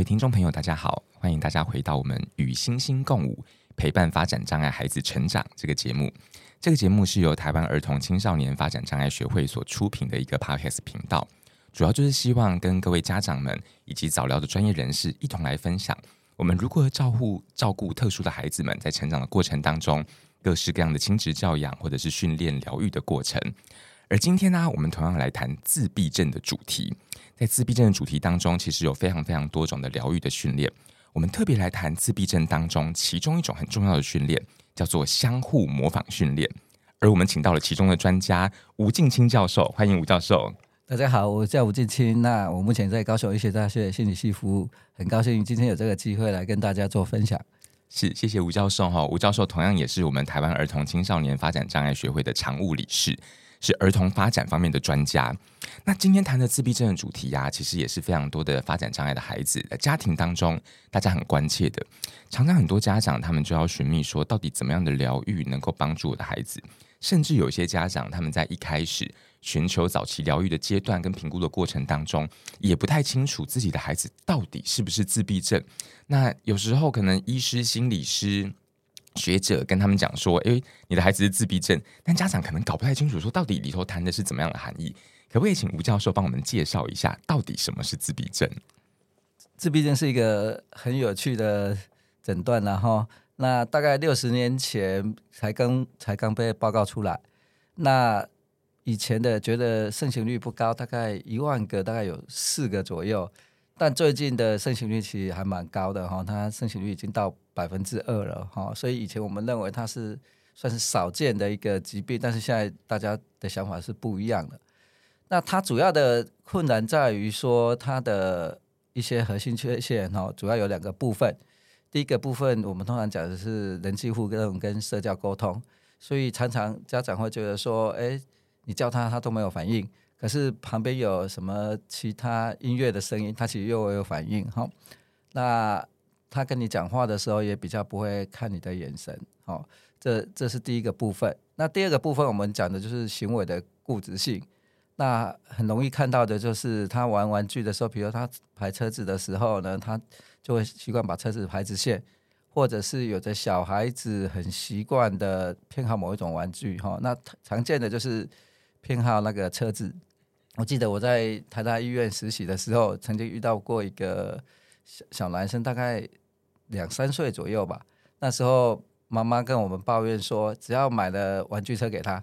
各位聽眾朋友，大家好！歡迎大家回到我們《與星星共舞》陪伴發展障礙孩子成長這個節目。這個節目是由台灣兒童青少年發展障礙學會所出品的一個 Podcast 頻道，主要就是希望跟各位家長們以及早療的專業人士一同來分享，我們如何照顧照顧特殊的孩子們在成長的過程當中，各式各樣的親職教養或者是訓練療癒的過程。而今天呢、啊，我們同樣來談自閉症的主題。在自閉症的主題當中，其實有非常非常多種的療育的訓練。我們特別來談自閉症當中其中一種很重要的訓練，叫做相互模仿訓練。而我們請到了其中的專家吳進欽教授，歡迎吳教授。大家好，我叫吳進欽。那我目前在高雄醫學大學心理系服務，很高興今天有這個機會來跟大家做分享。是，謝謝吳教授。哈，吳教授同樣也是我們台灣兒童青少年發展障礙學會的常務理事。是兒童發展方面的專家。那今天談的自閉症的主題呀、啊，其實也是非常多的發展障礙的孩子在家庭當中，大家很關切的。常常很多家長他們就要尋覓說，到底怎麼樣的療育能夠幫助我的孩子？甚至有些家長他們在一開始尋求早期療育的階段跟評估的過程當中，也不太清楚自己的孩子到底是不是自閉症。那有時候可能醫師、心理師。學者跟他們講說：“哎、欸，你的孩子是自閉症，但家長可能搞不太清楚，說到底裡頭談的是怎麼樣的含義。可不可以請吳教授幫我們介紹一下，到底什麼是自閉症？”自閉症是一個很有趣的診斷啊，然後那大概六十年前才剛才剛被報告出來。那以前的覺得盛行率不高，大概一萬個大概有四個左右。但最近的盛行率其實還蠻高的哈，他盛行率已經到百分之二了哈，所以以前我們認為它是算是少見的一個疾病，但是現在大家的想法是不一樣的。那它主要的困難在於說它的一些核心缺陷哈，主要有兩個部分。第一個部分我們通常講的是人際互動跟社交溝通，所以常常家長會覺得說，誒，你叫他他都沒有反應。可是旁邊有什麼其他音樂的聲音，他其實又會有反應哈。那他跟你講話的時候也比較不會看你的眼神，好，這這是第一個部分。那第二個部分我們講的就是行為的固執性，那很容易看到的就是他玩玩具的時候，比如他排車子的時候呢，他就會習慣把車子排直線，或者是有的小孩子很習慣的偏好某一種玩具哈。那常見的就是偏好那個車子。我記得我在台大醫院實習的時候，曾經遇到過一個小小男生，大概兩三歲左右吧。那時候媽媽跟我們抱怨說，只要買了玩具車給他，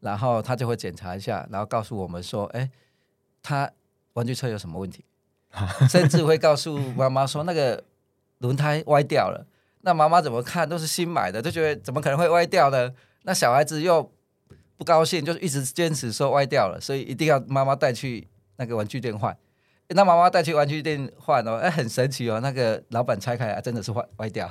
然後他就會檢查一下，然後告訴我們說：“哎，他玩具車有什麼問題？” 甚至會告訴媽媽說：“那個輪胎歪掉了。”那媽媽怎麼看都是新買的，就覺得怎麼可能會歪掉呢？那小孩子又不高興，就是一直堅持說歪掉了，所以一定要媽媽帶去那個玩具店換。那媽媽帶去玩具店換哦，哎，很神奇哦，那個老板拆開來、啊、真的是壞歪掉，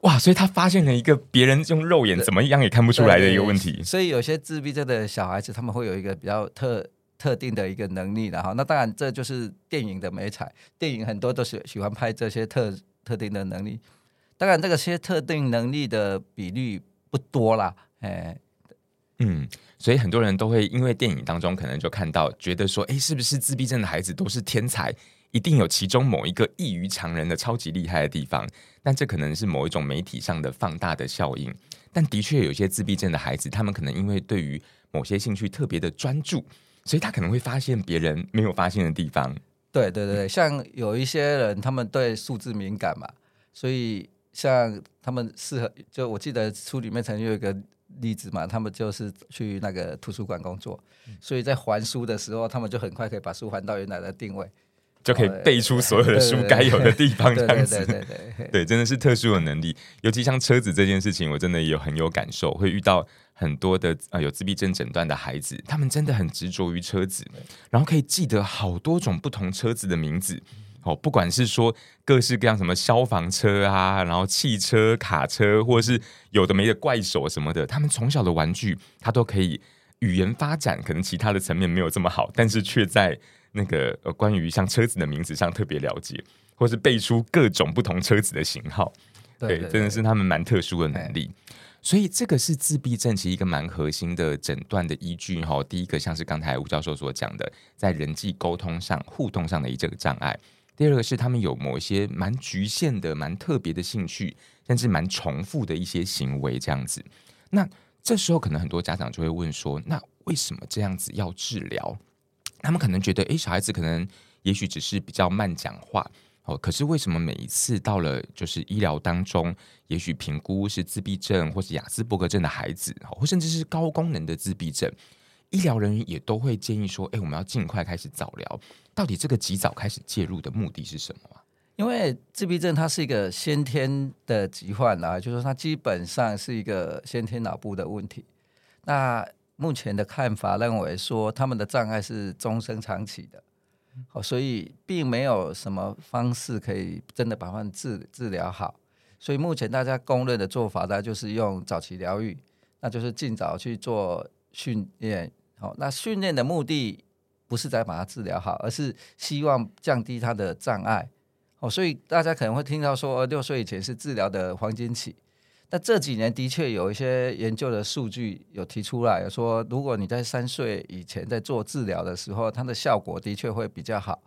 哇！所以他發現了一個別人用肉眼怎麼樣也看不出來的一個問題。所以有些自閉症的小孩子，他們會有一個比較特特定的一個能力。然後那當然，這就是電影的美彩，電影很多都是喜,喜歡拍這些特特定的能力。當然，這個些特定能力的比率不多啦，誒、哎。嗯，所以很多人都會因為電影當中可能就看到，覺得說，哎，是不是自閉症的孩子都是天才，一定有其中某一個異於常人的超級厲害的地方？但這可能是某一種媒體上的放大的效應。但的確，有些自閉症的孩子，他們可能因為對於某些興趣特別的專注，所以他可能會發現別人沒有發現的地方。對對對對，嗯，像有一些人，他們對數字敏感嘛，所以像他們適合，就我記得書裡面曾經有一個。例子嘛，他們就是去那個圖書館工作，嗯，所以在還書的時候，他們就很快可以把書還到原來的定位，就可以背出所有的書該有的地方這樣子。對對對，對，對，對，對，對，對， 對，真的是特殊的能力。尤其像車子這件事情，我真的有很有感受，會遇到很多的啊、呃、有自閉症診斷的孩子，他們真的很執着於車子，然後可以記得好多種不同車子的名字。哦，不管是說各式各樣什麼消防車啊，然後汽車、卡車，或者是有的沒的怪手什麼的，他們從小的玩具，他都可以語言發展，可能其他的層面沒有這麼好，但是卻在那個呃關於像車子的名字上特別了解，或是背出各種不同車子的型號。對,對,對,對，真的是他們蠻特殊的能力。嗯、所以這個是自閉症，其實一個蠻核心的診斷的依據。哈，第一個像是剛才吳教授所講的，在人際溝通上、互動上的一個障礙。第二個是他們有某一些蠻侷限的、蠻特別的興趣，甚至蠻重複的一些行為這樣子。那這時候可能很多家長就會問說：那為什麼這樣子要治療？他們可能覺得，哎，小孩子可能也許只是比較慢講話哦，可是為什麼每一次到了就是醫療當中，也許評估是自閉症或是亞斯伯格症的孩子，哦，或甚至是高功能的自閉症。醫療人員也都會建議說：“哎、欸，我們要盡快開始早療。到底這個及早開始介入的目的是什麼、啊？”因為自閉症它是一個先天的疾患啊，就是它基本上是一個先天腦部的問題。那目前的看法認為說，他們的障礙是終身長期的，所以並沒有什麼方式可以真的把它治治療好。所以目前大家公認的做法，大家就是用早期療育，那就是盡早去做訓練。好，那訓練的目的不是在把它治療好，而是希望降低它的障礙。哦，所以大家可能會聽到說，六歲以前是治療的黃金期。但這幾年的確有一些研究的數據有提出來，說如果你在三歲以前在做治療的時候，它的效果的確會比較好。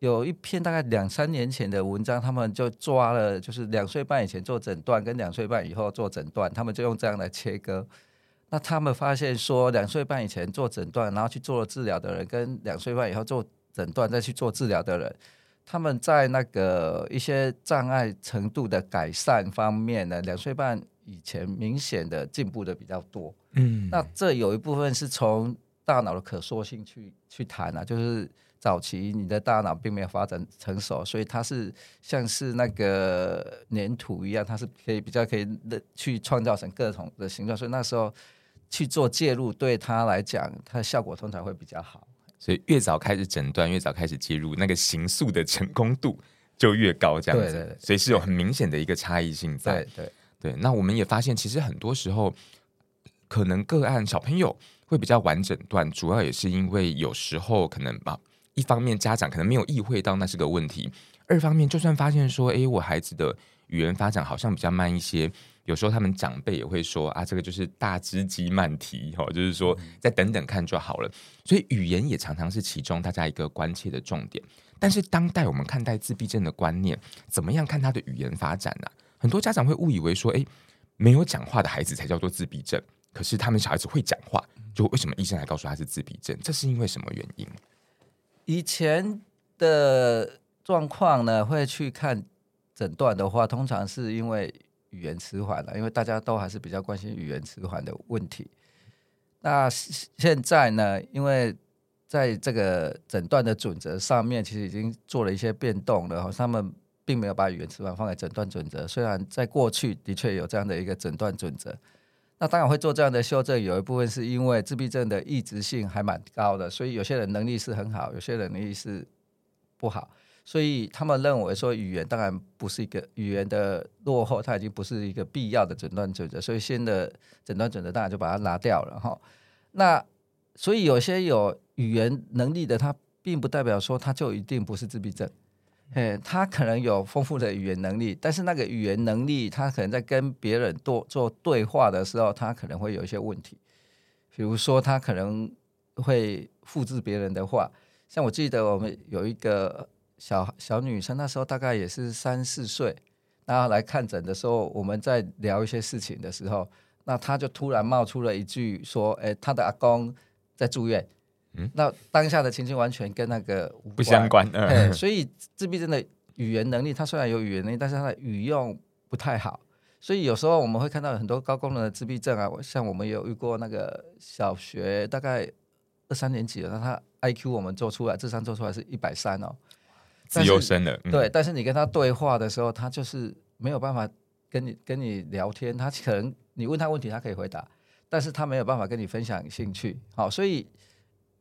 有一篇大概兩三年前的文章，他們就抓了，就是兩歲半以前做診斷，跟兩歲半以後做診斷，他們就用這樣來切割。那他們發現說，兩歲半以前做診斷，然後去做了治療的人，跟兩歲半以後做診斷再去做治療的人，他們在那個一些障礙程度的改善方面呢，兩歲半以前明顯的進步的比較多。嗯，那這有一部分是從大腦的可塑性去去談啊，就是早期你的大腦並沒有發展成熟，所以它是像是那個粘土一樣，它是可以比較可以的去創造成各種的形狀，所以那時候，去做介入，對他來講，他的效果通常會比較好。所以越早開始診斷，越早開始介入，那個形塑的成功度就越高，這樣子，對對對對。所以是有很明顯的一個差異性在。對對對。對，那我們也發現，其實很多時候，可能個案小朋友會比較晚診斷，主要也是因為有時候可能吧，一方面家長可能沒有意會到那是個問題，二方面就算發現說，哎，我孩子的語言發展好像比較慢一些。有時候他們長輩也會說啊，這個就是大隻雞慢啼哈，就是說再等等看就好了。所以語言也常常是其中大家一個關切的重點。但是當代我們看待自閉症的觀念，怎麼樣看他的語言發展呢、啊？很多家長會誤以為說，誒、欸，沒有講話的孩子才叫做自閉症。可是他們小孩子會講話，就為什麼醫生還告訴他是自閉症？這是因為什麼原因？以前的狀況呢，會去看診斷的話，通常是因為。語言遲緩了，因為大家都還是比較關心語言遲緩的問題。那現在呢？因為在這個診斷的準則上面，其實已經做了一些變動了。然後他們並沒有把語言遲緩放在診斷準則。雖然在過去的確有這樣的一個診斷準則，那當然會做這樣的修正。有一部分是因為自閉症的異質性還蠻高的，所以有些人能力是很好，有些人能力是不好。所以他們認為說，語言當然不是一個語言的落後，它，已經不是一個必要的診斷準則，所以新的診斷準則當然就把它拿掉了哈。那所以有些有語言能力的，它並不代表說它就一定不是自閉症。嘿，他可能有豐富的語言能力，但是那個語言能力，他可能在跟別人做做對話的時候，他可能會有一些問題，比如說他可能會複製別人的話。像我記得我們有一個。小小女生那時候大概也是三四歲，然後來看診的時候，我們在聊一些事情的時候，那她就突然冒出了一句說：“哎、欸，她的阿公在住院。嗯”那當下的情形完全跟那個不相關，嗯欸、所以自閉症的語言能力，他雖然有語言能力，但是他的語用不太好。所以有時候我們會看到很多高功能的自閉症啊，像我們有遇過那個小學大概二三年級的，那他 IQ 我們做出來智商做出來是一百三哦。自由身的、嗯，對，但是你跟他對話的時候，他就是沒有辦法跟你跟你聊天。他可能你問他問題，他可以回答，但是他沒有辦法跟你分享興趣。好，所以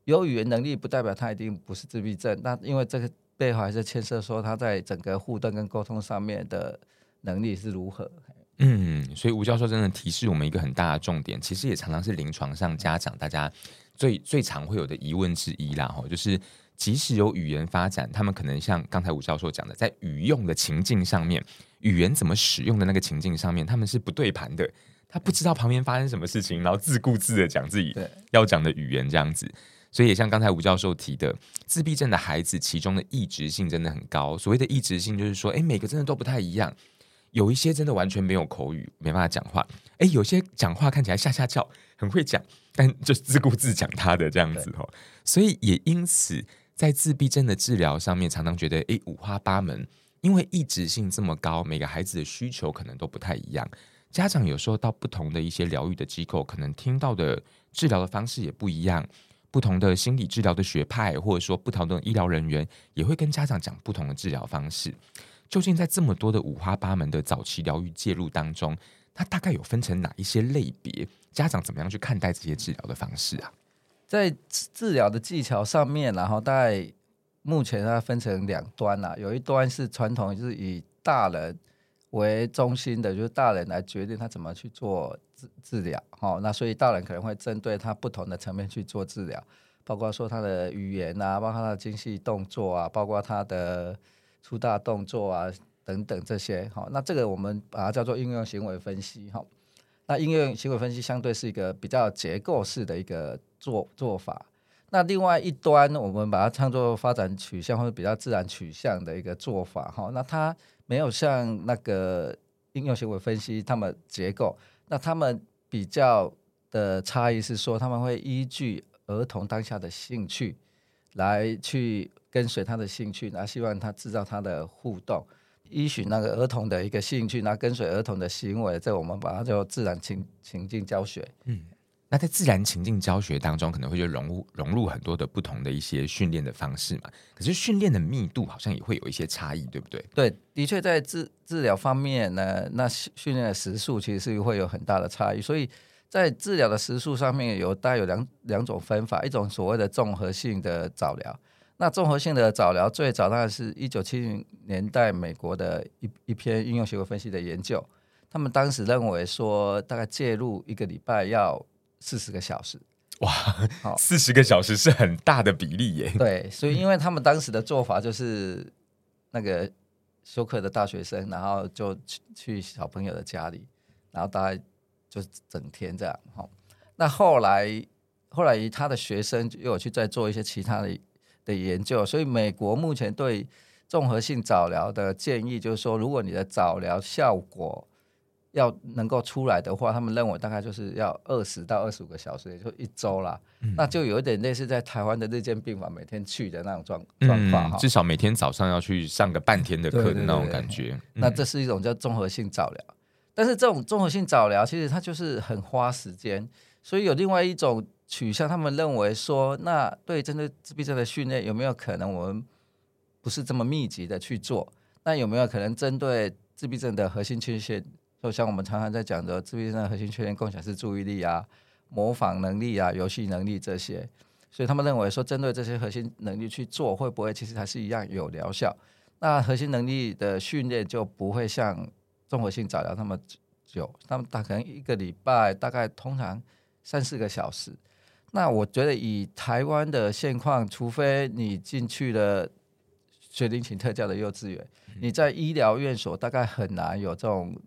有語言能力不代表他一定不是自閉症。那因為這個背後還是牽涉說他在整個互動跟溝通上面的能力是如何。嗯，所以吳教授真的提示我們一個很大的重點，其實也常常是臨床上家長大家最最常會有的疑問之一啦。哈，就是。即使有語言發展，他們可能像剛才吳教授講的，在語用的情境上面，語言怎麼使用的那個情境上面，他們是不對盤的。他不知道旁邊發生什麼事情，然後自顧自的講自己要講的語言，這樣子。所以也像剛才吳教授提的，自閉症的孩子其中的異質性真的很高。所謂的異質性，就是說，誒，每個真的都不太一樣。有一些真的完全沒有口語，沒辦法講話。誒，有些講話看起來嚇嚇叫，很會講，但就是自顧自講他的這樣子哦。所以也因此。在自閉症的治療上面，常常覺得誒，五花八門，因為異質性這麼高，每個孩子的需求可能都不太一樣。家長有時候到不同的一些療育的機構，可能聽到的治療的方式也不一樣。不同的心理治療的學派，或者說不同的醫療人員，也會跟家長講不同的治療方式。究竟在這麼多的五花八門的早期療育介入當中，它大概有分成哪一些類別？家長怎麼樣去看待這些治療的方式啊？在治療的技巧上面，然後大概目前它分成兩端，有一端是傳統，就是以大人為中心的，就是大人來決定他怎麼去做治治療。好，那所以大人可能會針對他不同的層面去做治療，包括說他的語言啊，包括他的精細動作啊，包括他的粗大動作啊等等這些。好，那這個我們把它叫做應用行為分析。好。那應用行為分析相對是一個比較結構式的一個做做法。那另外一端我們把它稱作發展取向或者比較自然取向的一個做法哈，那它沒有像那個應用行為分析他們結構，那他們比較的差異是說他們會依據兒童當下的興趣來去跟隨他的興趣，然後希望他製造他的互動。依循那個兒童的一個興趣，那跟隨兒童的行為，在我們把它叫自然情情境教學。嗯，那在自然情境教學當中，可能會就融入融入很多的不同的一些訓練的方式嘛。可是訓練的密度好像也會有一些差異，對不對？對，的確在治治療方面呢，那訓練的時數其實是會有很大的差異。所以在治療的時數上面有，有大概有兩兩種分法，一種所謂的綜合性的早療。那綜合性的早療最早當然是一九七零年代美國的一一篇應用行為分析的研究，他們當時認為說，大概介入一個禮拜要四十個小時，哇，哦、四十個小時是很大的比例耶。對，所以因為他們當時的做法就是那個修課的大學生，然後就去去小朋友的家裡，然後大概就整天這樣，哈、哦。那後來後來他的學生又有去再做一些其他的。的研究，所以美國目前對綜合性早療的建議就是說，如果你的早療效果要能夠出來的話，他們認為大概就是要二十到二十五個小時，也就是一周啦、嗯。那就有點類似在台灣的日間病房每天去的那種狀狀況哈，至少每天早上要去上個半天的課的那種感覺，對對對對、嗯。那這是一種叫綜合性早療、嗯，但是這種綜合性早療其實它就是很花時間，所以有另外一種。取向，他們認為說，那對針對自閉症的訓練有沒有可能我們不是這麼密集的去做？那有沒有可能針對自閉症的核心缺陷？就像我們常常在講的，自閉症的核心缺陷，共享式注意力啊，模仿能力啊，遊戲能力這些。所以他們認為說，針對這些核心能力去做，會不會其實還是一樣有療效？那核心能力的訓練就不會像綜合性早療那麼久，他們大可能一個禮拜大概通常三四個小時。那我覺得以台灣的現況，除非你進去了學齡前特教的幼稚園、嗯，你在醫療院所大概很難有這種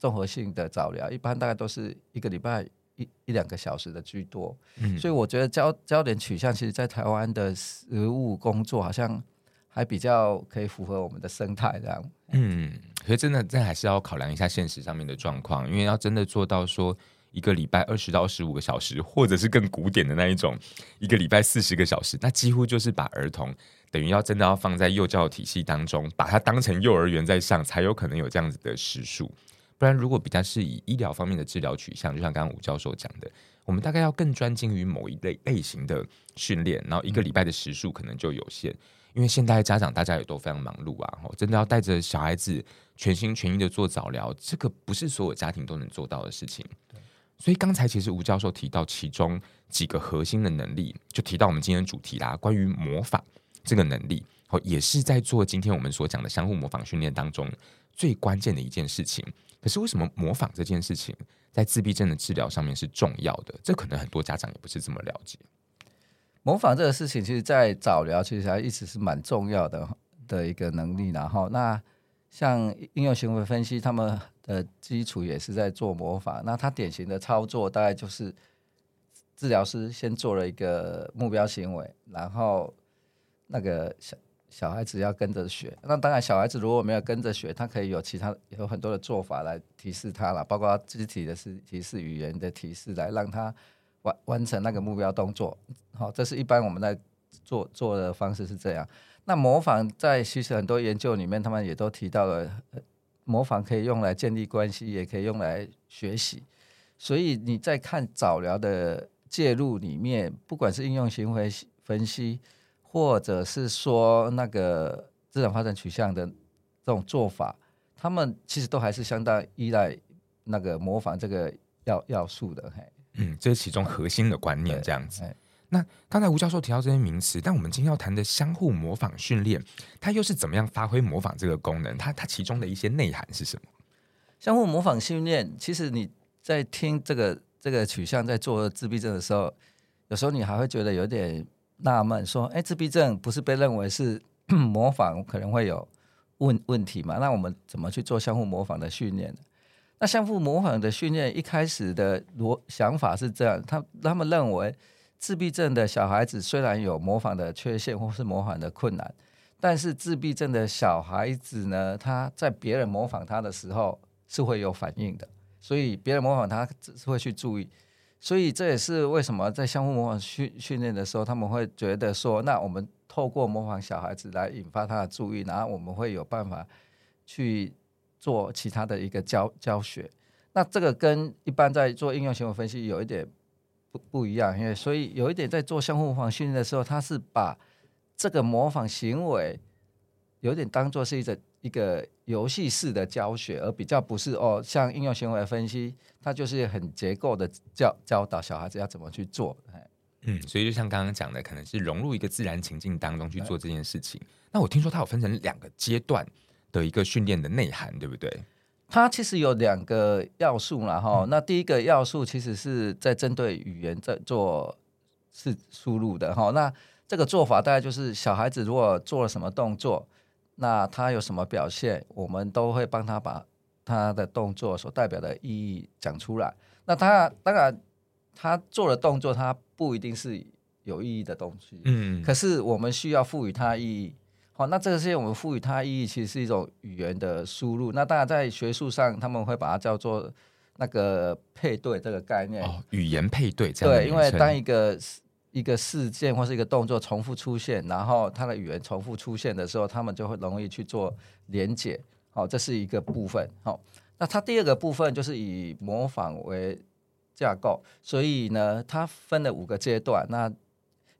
綜合性的早療，一般大概都是一個禮拜一一兩個小時的居多。嗯、所以我覺得焦焦點取向，其實在台灣的實務工作好像還比較可以符合我們的生態，這樣。嗯，所以真的，真的還是要考量一下現實上面的狀況，因為要真的做到說。一個禮拜二十到二十五個小時，或者是更古典的那一種，一個禮拜四十個小時，那幾乎就是把兒童等於要真的要放在幼教體系當中，把它當成幼兒園在上，才有可能有這樣子的時數。不然，如果比較是以醫療方面的治療取向，就像剛剛吳教授講的，我們大概要更專精於某一類類型的訓練，然後一個禮拜的時數可能就有限。因為現在家長大家也都非常忙碌啊，真的要帶着小孩子全心全意的做早療，這個不是所有家庭都能做到的事情。所以剛才其實吳教授，提到其中幾個核心的能力，就提到我們今天的主題啦，關於模仿這個能力，好，也是在做今天我們所講的相互模仿訓練當中最關鍵的一件事情。可是為什麼模仿這件事情在自閉症的治療上面是重要的？這可能很多家長也不是這麼了解。模仿這個事情，其實，在早療其實還一直是蠻重要的的一個能力。然後那。像應用行為分析，他們的基礎也是在做模仿。那他典型的操作大概就是，治療師先做了一個目標行為，然後那個小小孩子要跟着學。那當然，小孩子如果沒有跟着學，他可以有其他有很多的做法來提示他了，包括肢體的提示、是語言的提示，來讓他完完成那個目標動作。好，這是一般我們在做做的方式是這樣。那模仿在其實很多研究裡面，他們也都提到了模仿可以用來建立關係，也可以用來學習。所以你在看早療的介入裡面，不管是應用行為分析，或者是說那個自然發展取向的這種做法，他們其實都還是相當依賴那個模仿這個要要素的。嘿，嗯，這是其中核心的觀念，嗯、這樣子。那剛才吳教授提到這些名詞，但我們今天要談的相互模仿訓練，它又是怎麼樣發揮模仿這個功能？它它其中的一些內涵是什麼？相互模仿訓練，其實你在聽這個這個取向在做自閉症的時候，有時候你還會覺得有點納悶，說：“哎、欸，自閉症不是被認為是模仿可能會有問問題嘛？那我們怎麼去做相互模仿的訓練？那相互模仿的訓練一開始的羅想法是這樣，他他們認為。自閉症的小孩子雖然有模仿的缺陷或是模仿的困難，但是自閉症的小孩子呢，他在別人模仿他的時候是會有反應的，所以別人模仿他只是會去注意，所以這也是為什麼在相互模仿訓訓練的時候，他們會覺得說，那我們透過模仿小孩子來引發他的注意，然後我們會有辦法去做其他的一個教教學。那這個跟一般在做應用行為分析有一點。不，不一樣，因為所以有一點在做相互模仿訓練的時候，他是把這個模仿行為有點當做是一個一個遊戲式的教學，而比較不是哦像應用行為分析，他就是很結構的教教導小孩子要怎麼去做。嗯，所以就像剛剛講的，可能是融入一個自然情境當中去做這件事情。呃，那我聽說它有分成兩個階段的一個訓練的內涵，對不對？它其實有兩個要素嘛，哈、嗯，那第一個要素其實是在針對語言在做是輸入的，哈，那這個做法大概就是小孩子如果做了什麼動作，那他有什麼表現，我們都會幫他把他的動作所代表的意義講出來。那當然，當然，他做的動作他不一定是有意義的東西，嗯嗯，可是我們需要賦予他意義。好，那這個事情我們賦予它意義，其實是一種語言的輸入。那當然，在學術上，他們會把它叫做那個配對這個概念。哦，語言配對這樣。對，因為當一個一個事件或是一個動作重複出現，然後它的語言重複出現的時候，他們就會容易去做連接。好，這是一個部分。好，那它第二個部分就是以模仿為架構，所以呢，它分了五個階段。那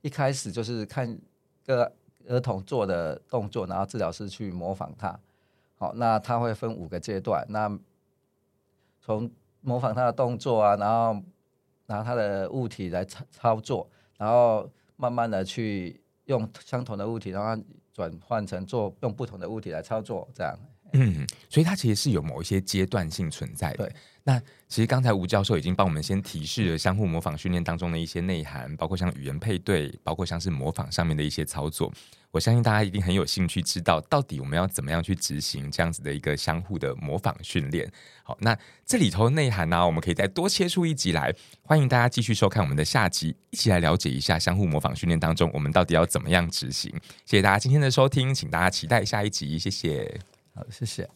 一開始就是看個。兒童做的動作，然後治療師去模仿他。好，那他會分五個階段。那從模仿他的動作啊，然後拿他的物體來操操作，然後慢慢的去用相同的物體，然後轉換成做，用不同的物體來操作，這樣。嗯，所以它其實是有某一些階段性存在的。對，那其實剛才吳教授已經幫我們先提示了相互模仿訓練當中的一些內涵，包括像語言配對，包括像是模仿上面的一些操作。我相信大家一定很有興趣知道到底我們要怎麼樣去執行這樣子的一個相互的模仿訓練。好，那這裡頭的內涵呢、啊，我們可以再多切出一集來，歡迎大家繼續收看我們的下集，一起來了解一下相互模仿訓練當中我們到底要怎麼樣執行。謝謝大家今天的收聽，請大家期待下一集，謝謝。好，謝謝。